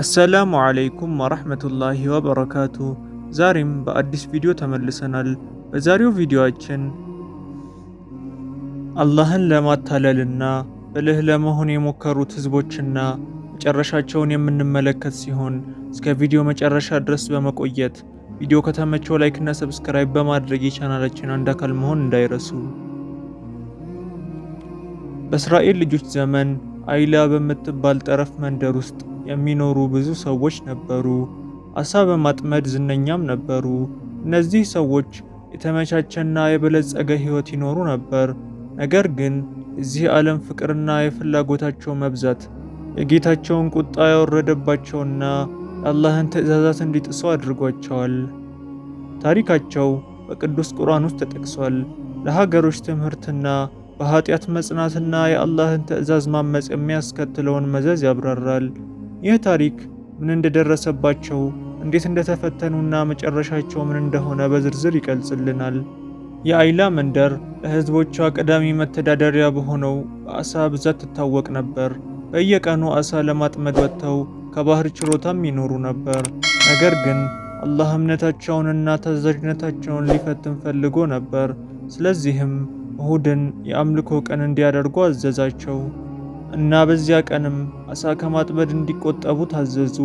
አሰላሙ አለይኩም ወረህመቱላሂ ወበረካቱ። ዛሬም በአዲስ ቪዲዮ ተመልሰናል። በዛሬው ቪዲዮአችን አላህን ለማታለልና ብልህ ለመሆን የሞከሩት ህዝቦችና መጨረሻቸውን የምንመለከት ሲሆን እስከ ቪዲዮ መጨረሻ ድረስ በመቆየት ቪዲዮ ከተመቸው ላይክና ሰብስክራይብ በማድረግ የቻናላችን አንድ አካል መሆን እንዳይረሱ። በእስራኤል ልጆች ዘመን አይላ በምትባል ጠረፍ መንደር ውስጥ የሚኖሩ ብዙ ሰዎች ነበሩ። አሳ በማጥመድ ዝነኛም ነበሩ። እነዚህ ሰዎች የተመቻቸና የበለጸገ ሕይወት ይኖሩ ነበር። ነገር ግን የዚህ ዓለም ፍቅርና የፍላጎታቸው መብዛት የጌታቸውን ቁጣ ያወረደባቸውና የአላህን ትእዛዛት እንዲጥሱ አድርጓቸዋል። ታሪካቸው በቅዱስ ቁርአን ውስጥ ተጠቅሷል። ለሀገሮች ትምህርትና በኃጢአት መጽናትና የአላህን ትእዛዝ ማመፅ የሚያስከትለውን መዘዝ ያብራራል። ይህ ታሪክ ምን እንደደረሰባቸው እንዴት እንደተፈተኑና መጨረሻቸው ምን እንደሆነ በዝርዝር ይገልጽልናል። የአይላ መንደር ለሕዝቦቿ ቀዳሚ መተዳደሪያ በሆነው በአሳ ብዛት ትታወቅ ነበር። በየቀኑ አሳ ለማጥመድ ወጥተው ከባህር ችሮታም ይኖሩ ነበር። ነገር ግን አላህ እምነታቸውንና ታዛዥነታቸውን ሊፈትን ፈልጎ ነበር። ስለዚህም እሁድን የአምልኮ ቀን እንዲያደርጉ አዘዛቸው። እና በዚያ ቀንም አሳ ከማጥመድ እንዲቆጠቡ ታዘዙ።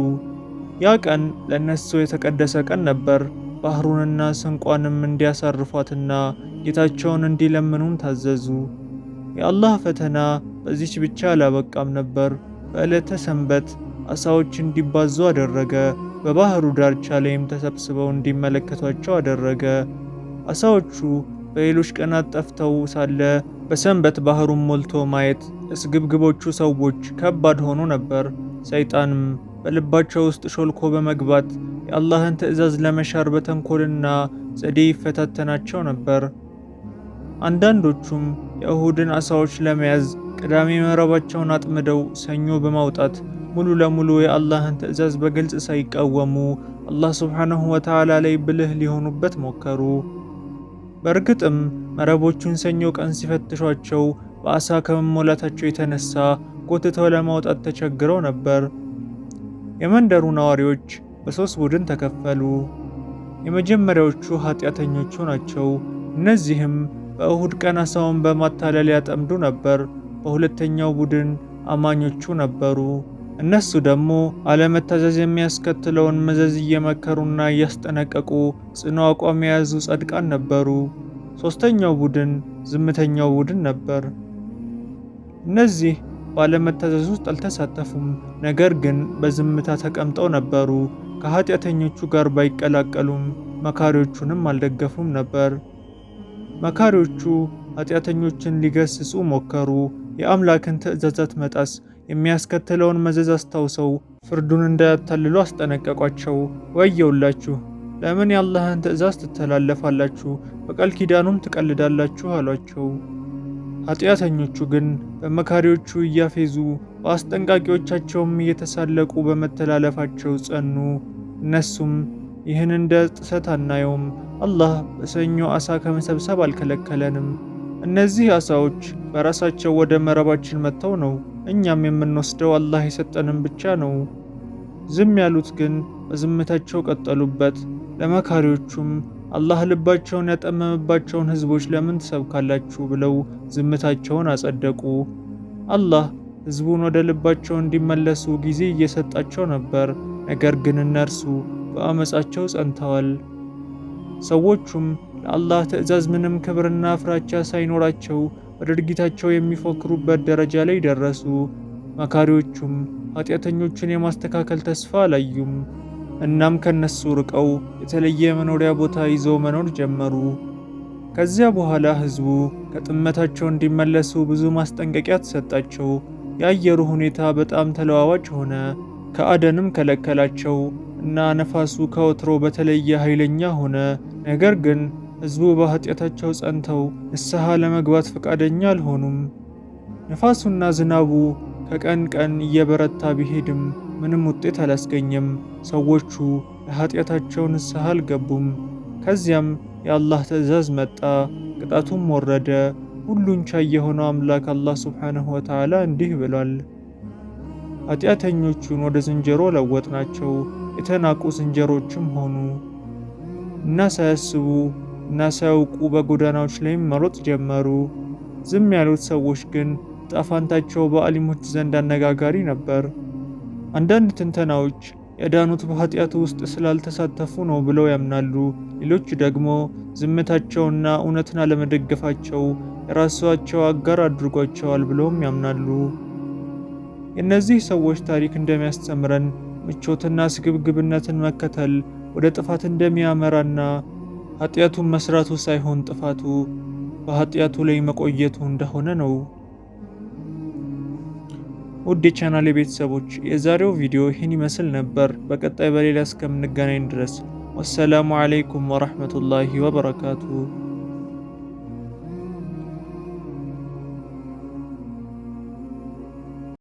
ያ ቀን ለእነሱ የተቀደሰ ቀን ነበር። ባህሩንና ስንቋንም እንዲያሳርፏትና ጌታቸውን እንዲለምኑን ታዘዙ። የአላህ ፈተና በዚች ብቻ አላበቃም ነበር። በዕለተ ሰንበት አሳዎች እንዲባዙ አደረገ። በባህሩ ዳርቻ ላይም ተሰብስበው እንዲመለከቷቸው አደረገ። አሳዎቹ በሌሎች ቀናት ጠፍተው ሳለ በሰንበት ባህሩን ሞልቶ ማየት እስግብግቦቹ ሰዎች ከባድ ሆኖ ነበር። ሰይጣንም በልባቸው ውስጥ ሾልኮ በመግባት የአላህን ትእዛዝ ለመሻር በተንኮልና ዘዴ ይፈታተናቸው ነበር። አንዳንዶቹም የእሁድን ዓሳዎች ለመያዝ ቅዳሜ መረባቸውን አጥምደው ሰኞ በማውጣት ሙሉ ለሙሉ የአላህን ትእዛዝ በግልጽ ሳይቃወሙ አላህ ሱብሓነሁ ወተዓላ ላይ ብልህ ሊሆኑበት ሞከሩ። በእርግጥም መረቦቹን ሰኞ ቀን ሲፈትሿቸው በአሳ ከመሞላታቸው የተነሳ ጎትተው ለማውጣት ተቸግረው ነበር። የመንደሩ ነዋሪዎች በሦስት ቡድን ተከፈሉ። የመጀመሪያዎቹ ኃጢአተኞቹ ናቸው። እነዚህም በእሁድ ቀን አሳውን በማታለል ያጠምዱ ነበር። በሁለተኛው ቡድን አማኞቹ ነበሩ። እነሱ ደግሞ አለመታዘዝ የሚያስከትለውን መዘዝ እየመከሩና እያስጠነቀቁ ጽኑ አቋም የያዙ ጸድቃን ነበሩ። ሦስተኛው ቡድን ዝምተኛው ቡድን ነበር። እነዚህ ባለመታዘዝ ውስጥ አልተሳተፉም፣ ነገር ግን በዝምታ ተቀምጠው ነበሩ። ከኃጢአተኞቹ ጋር ባይቀላቀሉም መካሪዎቹንም አልደገፉም ነበር። መካሪዎቹ ኃጢአተኞችን ሊገስጹ ሞከሩ። የአምላክን ትእዛዛት መጣስ የሚያስከትለውን መዘዝ አስታውሰው ፍርዱን እንዳያታልሉ አስጠነቀቋቸው። ወየውላችሁ ለምን የአላህን ትእዛዝ ትተላለፋላችሁ? በቃል ኪዳኑም ትቀልዳላችሁ አሏቸው። ኃጢአተኞቹ ግን በመካሪዎቹ እያፌዙ በአስጠንቃቂዎቻቸውም እየተሳለቁ በመተላለፋቸው ጸኑ። እነሱም ይህን እንደ ጥሰት አናየውም፣ አላህ በሰኞ አሳ ከመሰብሰብ አልከለከለንም። እነዚህ አሳዎች በራሳቸው ወደ መረባችን መጥተው ነው። እኛም የምንወስደው አላህ የሰጠንም ብቻ ነው። ዝም ያሉት ግን በዝምታቸው ቀጠሉበት። ለመካሪዎቹም አላህ ልባቸውን ያጠመመባቸውን ህዝቦች ለምን ትሰብካላችሁ ብለው ዝምታቸውን አጸደቁ። አላህ ህዝቡን ወደ ልባቸው እንዲመለሱ ጊዜ እየሰጣቸው ነበር። ነገር ግን እነርሱ በአመፃቸው ጸንተዋል። ሰዎቹም ለአላህ ትእዛዝ ምንም ክብርና ፍራቻ ሳይኖራቸው በድርጊታቸው የሚፎክሩበት ደረጃ ላይ ደረሱ። መካሪዎቹም ኃጢአተኞቹን የማስተካከል ተስፋ አላዩም። እናም ከነሱ ርቀው የተለየ መኖሪያ ቦታ ይዘው መኖር ጀመሩ። ከዚያ በኋላ ሕዝቡ ከጥመታቸው እንዲመለሱ ብዙ ማስጠንቀቂያ ተሰጣቸው። የአየሩ ሁኔታ በጣም ተለዋዋጭ ሆነ። ከአደንም ከለከላቸው እና ነፋሱ ከወትሮ በተለየ ኃይለኛ ሆነ። ነገር ግን ሕዝቡ በኃጢአታቸው ጸንተው ንስሐ ለመግባት ፈቃደኛ አልሆኑም። ነፋሱና ዝናቡ ከቀን ቀን እየበረታ ቢሄድም ምንም ውጤት አላስገኘም። ሰዎቹ ለኃጢአታቸው ንስሐ አልገቡም። ከዚያም የአላህ ትእዛዝ መጣ፣ ቅጣቱም ወረደ። ሁሉን ቻይ የሆነው አምላክ አላህ ስብሓንሁ ወተዓላ እንዲህ ብሏል። ኃጢአተኞቹን ወደ ዝንጀሮ ለወጥናቸው፣ የተናቁ ዝንጀሮችም ሆኑ እና ሳያስቡ እና ሳያውቁ በጎዳናዎች ላይም መሮጥ ጀመሩ። ዝም ያሉት ሰዎች ግን ጣፋንታቸው በአሊሞች ዘንድ አነጋጋሪ ነበር። አንዳንድ ትንተናዎች የዳኑት በኃጢአቱ ውስጥ ስላልተሳተፉ ነው ብለው ያምናሉ። ሌሎች ደግሞ ዝምታቸውና እውነትን አለመደገፋቸው የራሳቸው አጋር አድርጓቸዋል ብለውም ያምናሉ። የእነዚህ ሰዎች ታሪክ እንደሚያስተምረን ምቾትና ስግብግብነትን መከተል ወደ ጥፋት እንደሚያመራና ኃጢአቱን መስራቱ ሳይሆን ጥፋቱ በኃጢአቱ ላይ መቆየቱ እንደሆነ ነው። ውድ የቻናሌ ቤተሰቦች የዛሬው ቪዲዮ ይህን ይመስል ነበር። በቀጣይ በሌላ እስከምንገናኝ ድረስ ወሰላሙ አለይኩም ወረሕመቱላሂ ወበረካቱሁ።